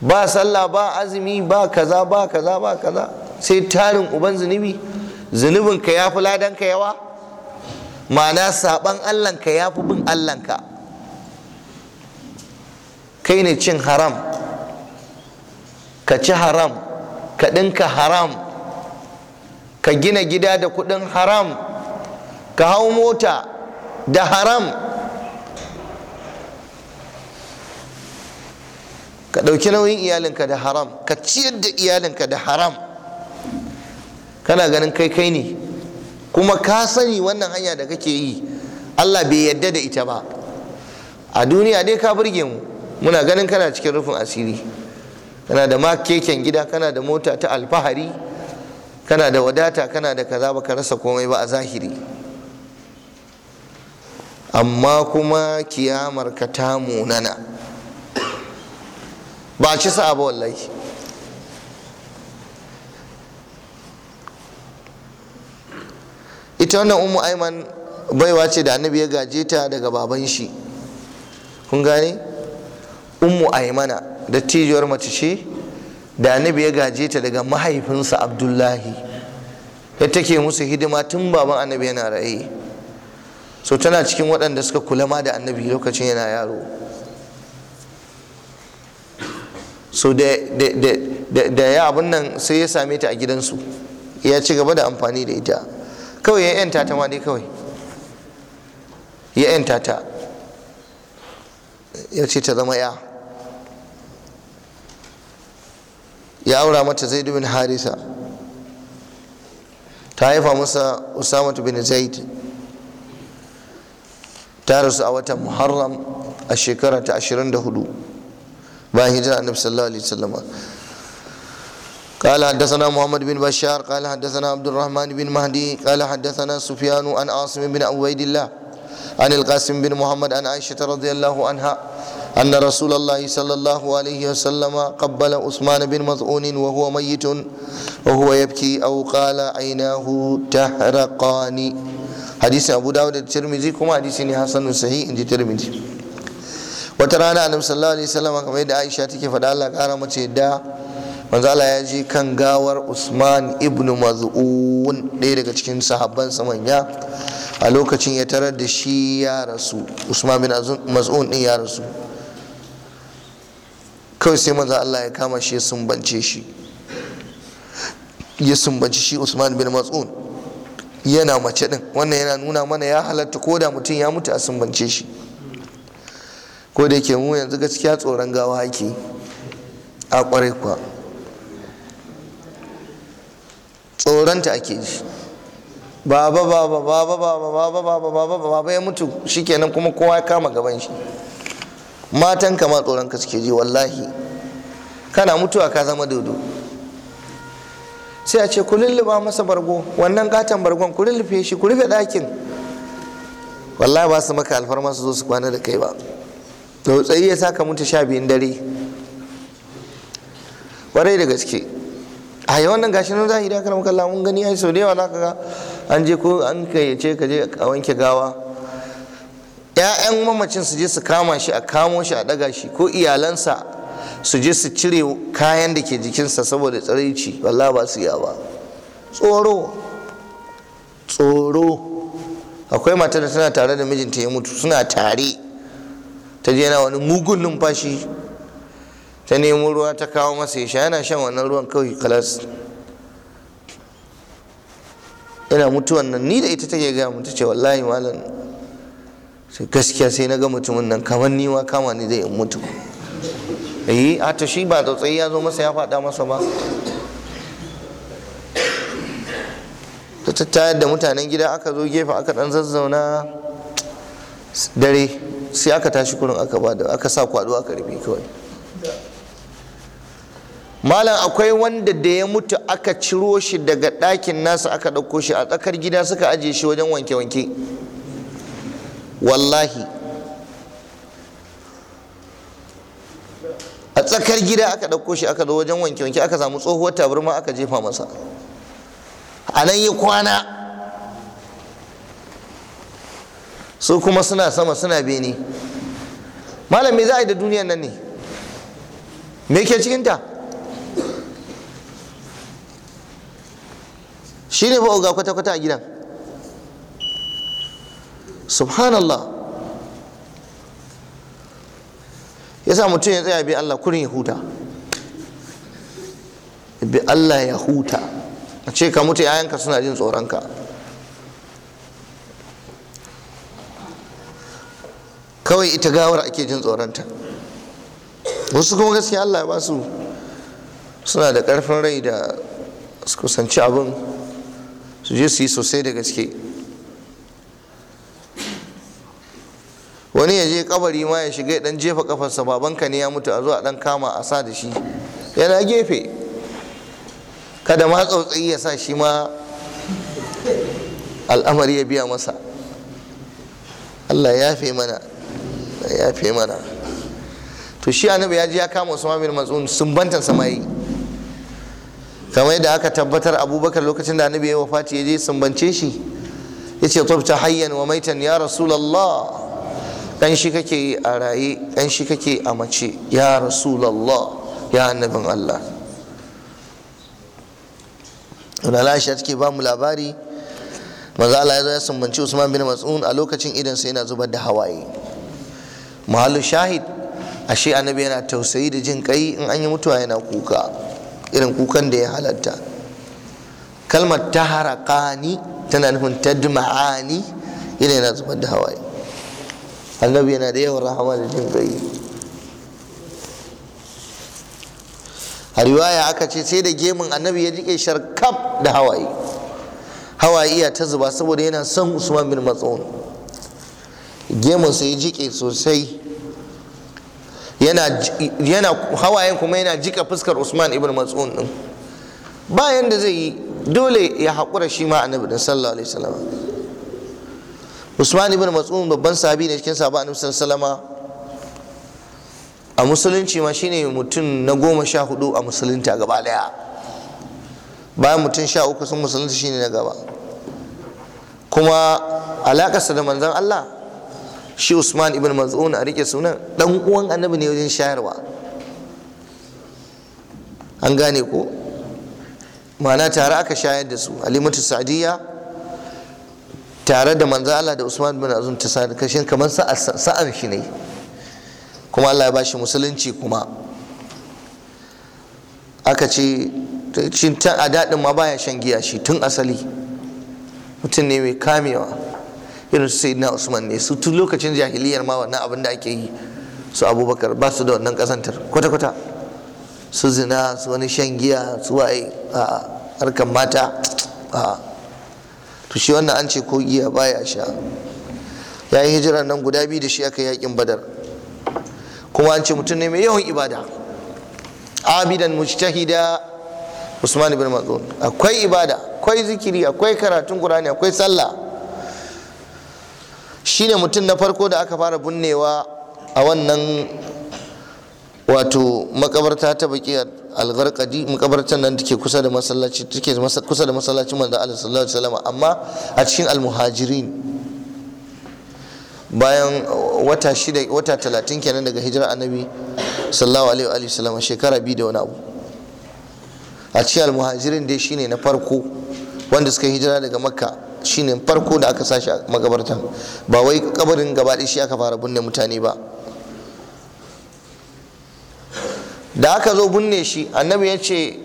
A: ba sallah ba azumi ba kaza ba kaza ba kaza sai tarin uban zunubi zunubinka ya fi ladanka yawa ma'ana saban allanka ya fi bin allanka kai ne cin haram ka ci haram ka ɗinka haram ka gina gida da kuɗin haram ka hau mota da haram ka ɗauki nauyin iyalinka da haram ka ciyar da iyalinka da haram kana ganin kai kai ne kuma ka sani wannan hanya da kake yi Allah bai yadda da ita ba a duniya dai ka burge mu muna ganin kana cikin rufin asiri kana da makeken gida kana da mota ta alfahari kana da wadata kana da kaza ba ka rasa komai ba a zahiri amma kuma kiyamar ka ta munana ba ci sa'a ba wallahi ita wannan umu aiman baiwa ce da annabi ya gaje ta daga baban shi kun gane umu aimana dattijowar mace ce da annabi ya gaje ta daga mahaifinsa abdullahi ya take musu hidima tun baban annabi yana ra'ayi so tana cikin waɗanda suka kula ma da annabi lokacin yana yaro so da ya abin nan sai ya same ta a gidansu ya ci gaba da amfani da ita kawai ya yanta ta ma dai kawai ya yanta ta ya ce ta zama ya ya aura mata zaid bin harisa ta haifa masa usama bin zaid ta rasu a watan muharram a shekara ta 24 bayan hijira annabi sallallahu alaihi wasallam قال حدثنا محمد بن بشار قال حدثنا عبد الرحمن بن مهدي قال حدثنا سفيان عن عاصم بن عبيد الله عن القاسم بن محمد عن عائشة رضي الله عنها أن رسول الله صلى الله عليه وسلم قبل عثمان بن مظعون وهو ميت وهو يبكي أو قال عيناه تحرقان حديث أبو داود الترمذي كما حديث حسن صحيح عند الترمذي وترانا أن صلى الله عليه وسلم كما عائشة تكفى الله قال متى manzala ya je kan gawar usman ibn maz'un ɗaya daga cikin sahabban manya a lokacin ya tarar da shi ya rasu usman bin maz'un ɗin ya rasu kawai sai manzo Allah ya kama shi ya sumbance shi ya sumbance shi usman bin maz'un yana mace ɗin wannan yana nuna mana ya halatta ko da mutum ya mutu a sumbance shi ko da yake mu yanzu gaskiya tsoron gawa ake a kwarai kuwa tsoronta ake ji baba baba baba baba baba baba baba baba ya mutu shikenan kuma kowa ya kama gaban shi matan kama tsoron ka suke ji wallahi kana mutuwa ka zama dodo sai a ce ku lulluba masa bargo wannan katon bargon ku lullufe shi ku rufe ɗakin wallahi ba su maka alfarma su zo su kwana da kai ba da tsayi ya saka mutu sha biyun dare kwarai da gaske a yi wannan gashi nan zahiri aka ramka Allah mun gani ai sau da yawa ka ga an je ko an kayyace ka je a wanke gawa ya'yan mamacin su je su kama shi a kamo shi a daga shi ko iyalansa su je su cire kayan da ke jikinsa saboda tsaraici wallah ba su yawa tsoro tsoro akwai matar da tana tare da mijinta ya mutu suna tare ta je yana wani mugun numfashi ta nemo ruwa ta kawo masa ya sha yana shan wannan ruwan kawai kalas yana mutuwan nan ni da ita take gaya mun ta ce wallahi malam sai gaskiya sai na ga mutumin nan kamar ni ma kama ni zai yin mutu eh a shi ba tsautsayi ya zo masa ya faɗa masa ba ta tattayar da mutanen gida aka zo gefe aka dan zazzauna dare sai aka tashi kurin aka ba da aka sa kwado aka rufe kawai malam akwai wanda da ya mutu aka ciro shi daga ɗakin nasa aka ɗauko shi a tsakar gida suka ajiye shi wajen wanke-wanke wallahi a tsakar gida aka ɗauko shi aka zo wajen wanke-wanke aka samu tsohuwar tabarma aka jefa masa a nan yi kwana su kuma suna sama suna bene malam me za a yi da duniyan nan ne me ke cikinta shi ne ga kwata-kwata a gidan subhanallah ya sa mutum ya tsaya bi Allah kurin ya huta bi Allah ya huta a ce ka mutu yayanka suna jin tsoronka kawai ita gawar ake jin tsoronta wasu kuma gaskiya Allah ba su suna da ƙarfin rai da su kusanci abin su je su yi sosai da gaske wani ya je kabari ma ya shiga dan jefa kafarsa babanka ne ya mutu a zuwa dan kama a sa da shi yana gefe kada ma tsautsayi ya sa shi ma al'amari ya biya masa Allah ya fi mana ya fi mana to shi annabi ya ji ya kama Usman bin Mas'ud sun bantan samayi kamar yadda aka tabbatar abubakar lokacin da anabi ya wafaci ya je sumbance shi ya ce ta, hayyan wa maitan ya rasulallah dan shi kake a raye dan shi kake a mace ya rasulallah ya annabin allah wani ya take ba mu labari maza Allah ya zo ya sumbanci Usman bin mas'ud a lokacin idan sai yana zubar da hawaye mahallu shahid ashe annabi yana tausayi da jin kai in an yi mutuwa yana kuka irin kukan da ya halatta kalmar ta ni tana nufin tadma'ani yana yana zubar da hawaye annabi yana da yawan rahama da jin gai. a riwaya aka ce sai da gemun annabi ya jike sharkaf da hawaye hawaye iya ta zuba saboda yana son usman bin matsun gemun sai ya jike sosai yana hawayen kuma yana jika fuskar Usman ibn Mas'un din bayan da zai yi dole ya haƙura shi ma annabi din sallallahu alaihi wasallam Usman ibn Mas'un babban sahabi ne cikin sahabban annabi sallallahu alaihi a musulunci ma shine mutum na goma sha hudu a musulunta gaba daya bayan mutum sha uku sun musulunta shine na gaba kuma alakarsa da manzon Allah shi usman ibn maz'un a rike sunan dan uwan annabi ne wajen shayarwa an gane ko ma'ana tare aka shayar da su alimatu sa'diya tare da manzo Allah da Usman ibn mazun ta sa'ad kashin kamar sa'an shi ne kuma Allah ya bashi musulunci kuma aka ce cin a daɗin ma baya shan giya shi tun asali mutum ne mai kamewa irin su sayyidina usman ne su tun lokacin jahiliyar ma wannan abin da ake yi su abubakar ba su da wannan kasantar kwata-kwata su zina su wani shan giya su waye a harkar mata a to shi wannan an ce ko giya baya sha ya yi hijira nan guda biyu da shi aka yakin badar kuma an ce mutum ne mai yawan ibada abidan mujtahida usman ibn mazun akwai ibada akwai zikiri akwai karatun qur'ani akwai sallah shine mutum na farko da aka fara binnewa a wannan wato makabarta ta baki algarkadi makabartar nan take kusa da masallaci take kusa da masallacin manzo Allah sallallahu alaihi wasallam amma a cikin almuhajirin bayan wata shida wata talatin kenan daga hijirar annabi sallallahu alaihi wa sallam shekara biyu da wani abu a cikin almuhajirin dai shine na farko wanda suka hijira daga makka shine farko da aka sashi a makabarta ba wai kabarin gabaɗe shi aka fara binne mutane ba da aka zo binne shi annabi ya ce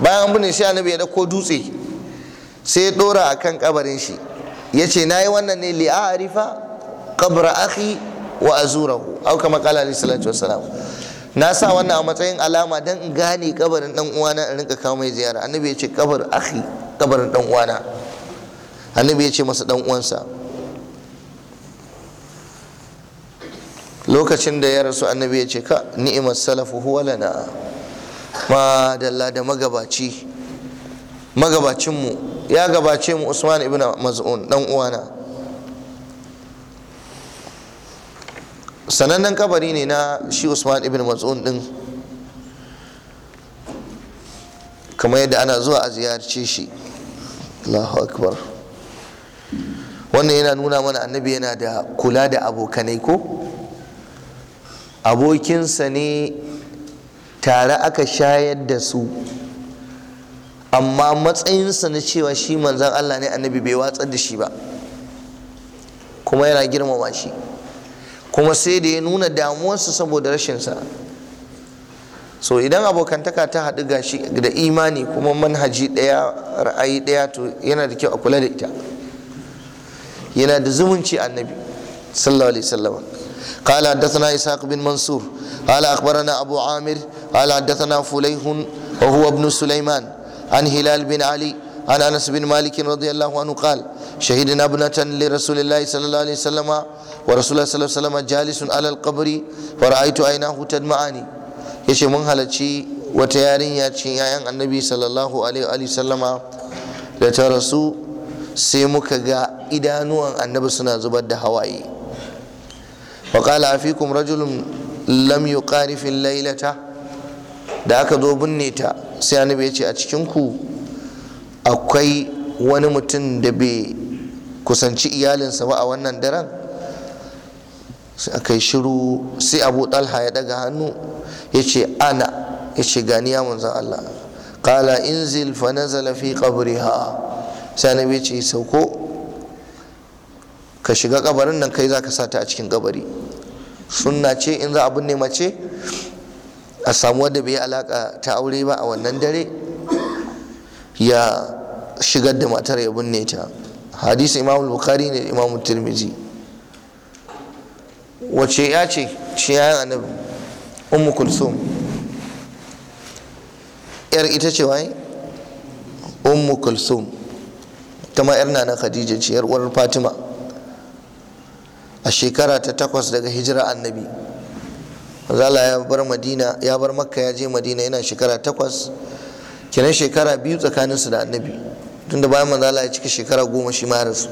A: bayan an binne shi annabi ya dauko dutse sai ya dora a kan kabarin shi ya ce na yi wannan ne li'arifa kabra akhi wa azurahu au kama kala alaihi salatu wassalam na sa wannan a matsayin alama don in gane kabarin dan uwana in rinka kawo mai ziyara annabi ya ce kabar akhi kabarin dan uwana annabi ya ce masa dan uwansa lokacin da ya rasu annabi ya ce ka ni'imar salafu huwa lana ma dalla da magabaci magabacinmu ya gabace mu usman ibn maz'un dan uwana sanannen kabari ne na shi usman ibn maz'un din kamar yadda ana zuwa a ziyarce shi allahu akbar wannan yana nuna mana annabi yana da kula da abokanai ko abokinsa ne tare aka shayar da su amma matsayinsa na cewa shi manzan Allah ne annabi bai watsar da shi ba kuma yana girmama shi kuma sai da ya nuna damuwarsa saboda rashinsa so idan abokantaka ta haɗu gashi da imani kuma manhaji ɗaya ra'ayi ɗaya to yana da kyau a kula da ita yana da zumunci annabi sallallahu alaihi wasallam قال حدثنا إسحاق بن منصور قال أخبرنا أبو عامر قال حدثنا فليح وهو ابن سليمان عن هلال بن علي عن أنس بن مالك رضي الله عنه قال شهدنا ابنة لرسول الله صلى الله عليه وسلم ورسول الله صلى الله عليه وسلم جالس على القبر فرأيت عيناه تدمعان يشي من هلتشي وتيارين ياتشي يا النبي صلى الله عليه وآله وسلم لترسو sai muka ga idanuwan annabi suna zubar da hawaye wa qala afikum rajulun lam yuqarifil lailata da aka zo binne ta sai annabi ya ce a cikin ku akwai wani mutum da bai kusanci iyalinsa ba a wannan daren sai aka yi shiru sai abu talha ya daga hannu ya ce ana ya ce gani ya manzan Allah qala inzil fa nazala fi qabriha sai annabi ce eh, sauko ka shiga kabarin nan kai za ka sata a cikin kabari sunna ce in za a binne mace a samu wadda bai alaka ta aure ba a wannan dare ya shigar da matar ya binne ta hadisi imam bukhari ne imam tirmizi wace ya ce ce ya annabi ummu kulsum yar ita ce wai ummu kulsum ta ma yar nana khadija ce yar uwar fatima a shekara ta takwas daga hijira annabi zala ya bar madina ya bar makka ya je madina yana shekara takwas kenan shekara biyu tsakaninsu da annabi tunda bayan manzala ya cika shekara goma shi ma rasu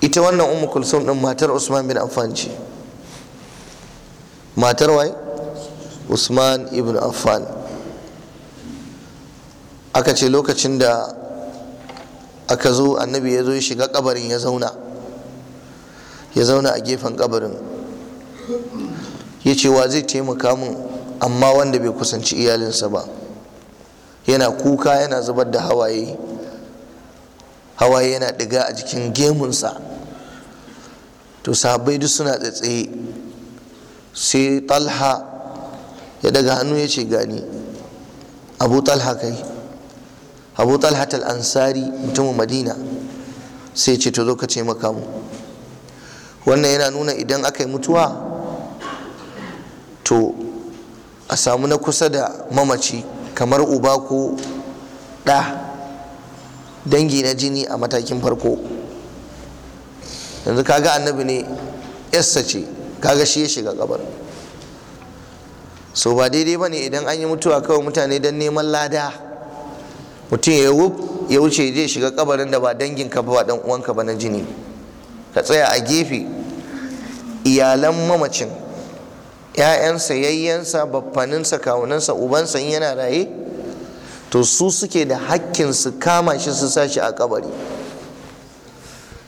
A: ita wannan ummu kulsum din matar usman bin affan ce matar wai usman ibn affan aka ce lokacin da aka zo annabi ya zo ya shiga kabarin ya zauna ya zauna a gefen kabarin ya ce wa zai taimaka mun amma wanda bai kusanci iyalinsa ba yana kuka yana zubar da hawaye hawaye yana ɗiga a jikin gemunsa to sahabbai duk suna tsatsaye sai talha ya daga hannu ya ce gani abu talha kai abu talhat ansari mutumin madina sai ce to zo ka ce maka mu wannan yana nuna idan aka yi mutuwa to a samu na kusa da mamaci kamar uba ko ɗa dangi na jini a matakin farko yanzu kaga annabi ne yassa ce kaga shi ya shiga kabar so ba daidai ba ne idan an yi mutuwa kawai mutane don neman lada mutum ya wuf ya wuce zai shiga kabarin da ba dangin ka ba dan uwanka ba na jini ka tsaya a gefe iyalan mamacin ‘ya'yansa yayyansa baffaninsa kawunansa ubansa in yana raye to su suke da hakkin su kama shi su sa shi a kabari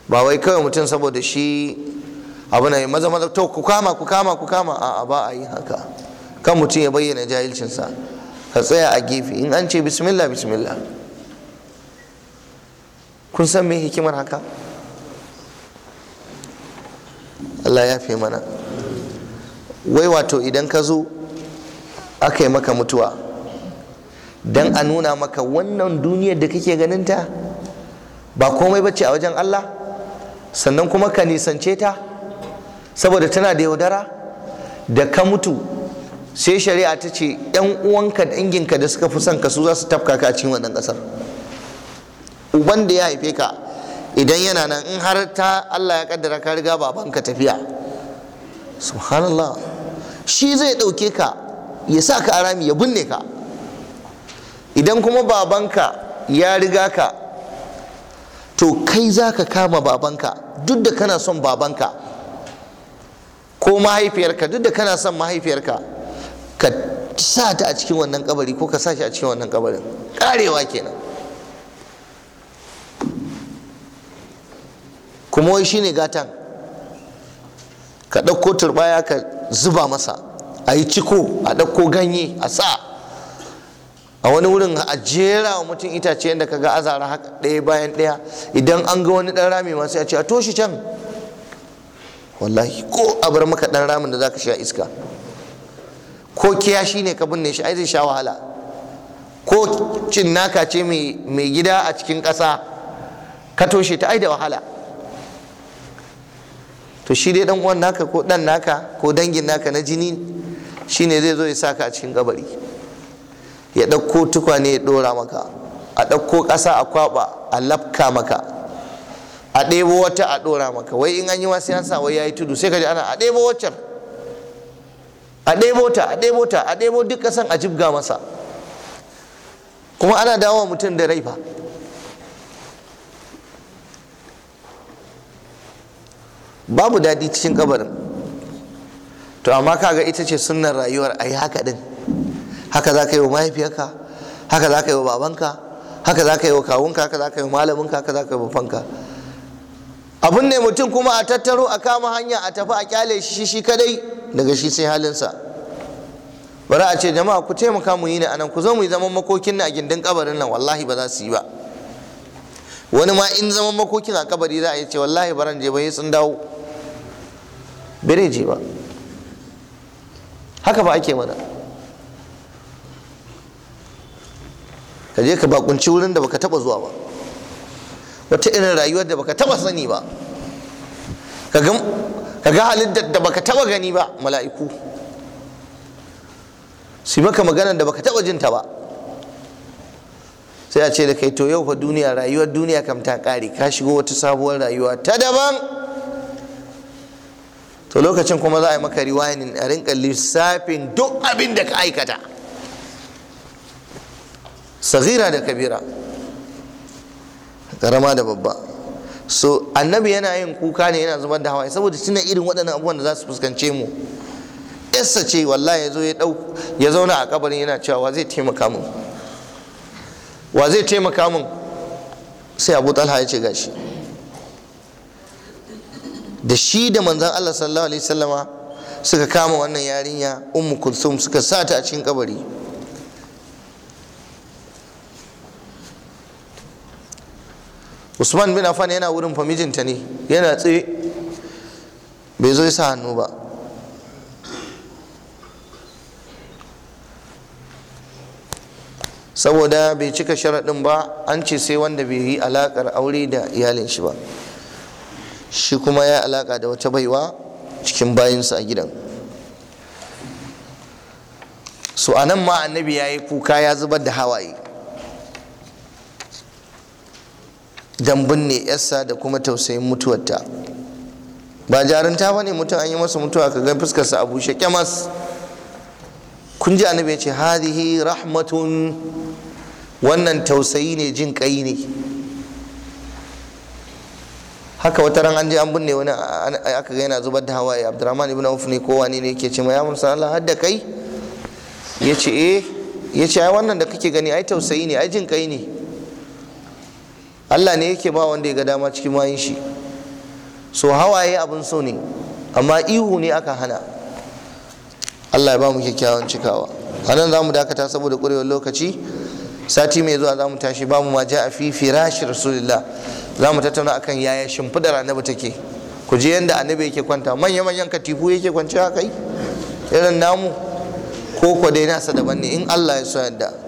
A: ba wai kawai mutum saboda shi abu na maza maza to ku kama ku kama ku kama a ba a yi haka kan mutum ya bayyana jahilcinsa ka tsaya a gefe in an ce bismillah bismillah kun san me hikimar haka Allah ya fi mana wai wato idan ka zo aka yi maka mutuwa don a nuna maka wannan duniyar da kake ganinta ba komai bace a wajen Allah sannan kuma ka nisance ta saboda tana da yaudara da ka mutu sai shari'a ta ce yan uwanka danginka da suka fi son ka su za su tafka ka a cikin wannan kasar uban da ya haife ka idan yana nan in har ta Allah ya kaddara ka riga babanka tafiya subhanallah shi zai ɗauke ka ya sa ka arami ya binne ka idan kuma babanka ya riga ka to kai za ka kama babanka duk da kana son babanka ko mahaifiyarka duk da kana son mahaifiyarka ka sa ta a cikin wannan kabari ko ka sa shi a cikin wannan kabarin karewa kenan kuma wai shine gatan ka ɗauko turbaya ka zuba masa a yi ciko a ɗauko ganye a sa a wani wurin a jera wa mutum itace yadda ka ga azara haka ɗaya bayan ɗaya idan an ga wani ɗan rami masu ya ce a toshi can wallahi ko a bar maka ɗan ramin da za ka sha iska ko kiya shi ne ka binne shi ai zai sha wahala ko cin naka ce mai gida a cikin ƙasa ka toshe ta ai da wahala to shi dai dan uwan naka ko dan naka ko dangin naka na jini shi ne zai zo ya saka a cikin kabari ya ɗauko tukwane ya ɗora maka a ɗauko ƙasa a kwaba a lafka maka a ɗebo wata a ɗora maka wai in an yi wasu yansa wai ya yi tudu sai ka ji ana a ɗebo waccan a ɗebo ta a ɗebo ta a ɗebo duk ƙasan a jibga masa kuma ana dawo mutum da rai fa babu daɗi cikin kabarin to amma kaga ita ce sunnar rayuwar a yi haka ɗin haka za ka yi wa mahaifiyarka haka za ka yi wa babanka haka za ka yi wa kawunka haka za ka yi wa malaminka haka za ka yi wa fanka abin ne mutum kuma a tattaro a kama hanya a tafi a kyale shi shi kadai daga shi sai halinsa bari a ce jama'a ku taimaka mu yi ne anan ku zo mu yi zaman makokin na a gindin kabarin nan wallahi ba za su yi ba wani ma in zaman makokin a kabari za a yi ce wallahi baran je ba sun dawo bere je ba haka ba ake mana ka je ka bakunci wurin da baka taba zuwa ba wata irin rayuwar da baka taba sani ba ka ga daga halittar da baka taba gani ba mala'iku su maka maganar da baka taba jinta ba sai a ce da kai to yau fa duniya rayuwar duniya kam ta kare ka shigo wata sabuwar rayuwa ta daban to lokacin kuma za a yi maka riwayanin a rinka lissafin duk abin da ka aikata sagira da kabira karama da babba so annabi yana yin kuka ne yana zubar da hawaye saboda tuna irin waɗannan abubuwan da za su fuskance mu yasa ce wallahi ya zo ya zauna a kabarin yana cewa wa zai taimaka min wa zai taimaka mun sai abu talha ya ce gashi da shi da manzan allah sallallahu alaihi sallama suka kama wannan yarinya ummu kulsum suka sa ta a cikin kabari usman bin affan yana wurin famijinta ne yana tsaye bai zo ya sa hannu ba saboda bai cika sharaɗin ba an ce sai wanda bai yi alaƙar aure da iyalin shi ba shi kuma ya alaƙa da wata baiwa cikin bayansa a gidan so anan ma annabi ya yi kuka ya zubar da hawaye don binne yarsa da kuma tausayin mutuwarta ba jarunta ba ne mutum an yi masa mutuwa ka ga fuskarsa a bushe kyamas kun ji annabi ya ce hadihi rahmatun wannan tausayi ne jin kai ne haka wata ran an je an binne wani aka ga yana zubar da hawaye abdurrahman ibn auf ne ko wani ne yake ce ma ya musa Allah hadda kai yace eh yace ai wannan da kake gani ai tausayi ne ai jin kai ne Allah ne yake ba wanda ya ga dama cikin mayin shi so hawaye abin so ne amma ihu ne aka hana Allah ya ba mu kyakkyawan cikawa a nan za mu dakata saboda ƙurewar lokaci sati mai zuwa za mu tashi ba mu ma a fifi rashi rasulillah za mu tattauna akan yaya shimfidar annabi take ku je yadda annabi yake kwanta manya-manyan katifu yake kwanciya kai irin namu ko kwa dai nasa daban ne in Allah ya so yadda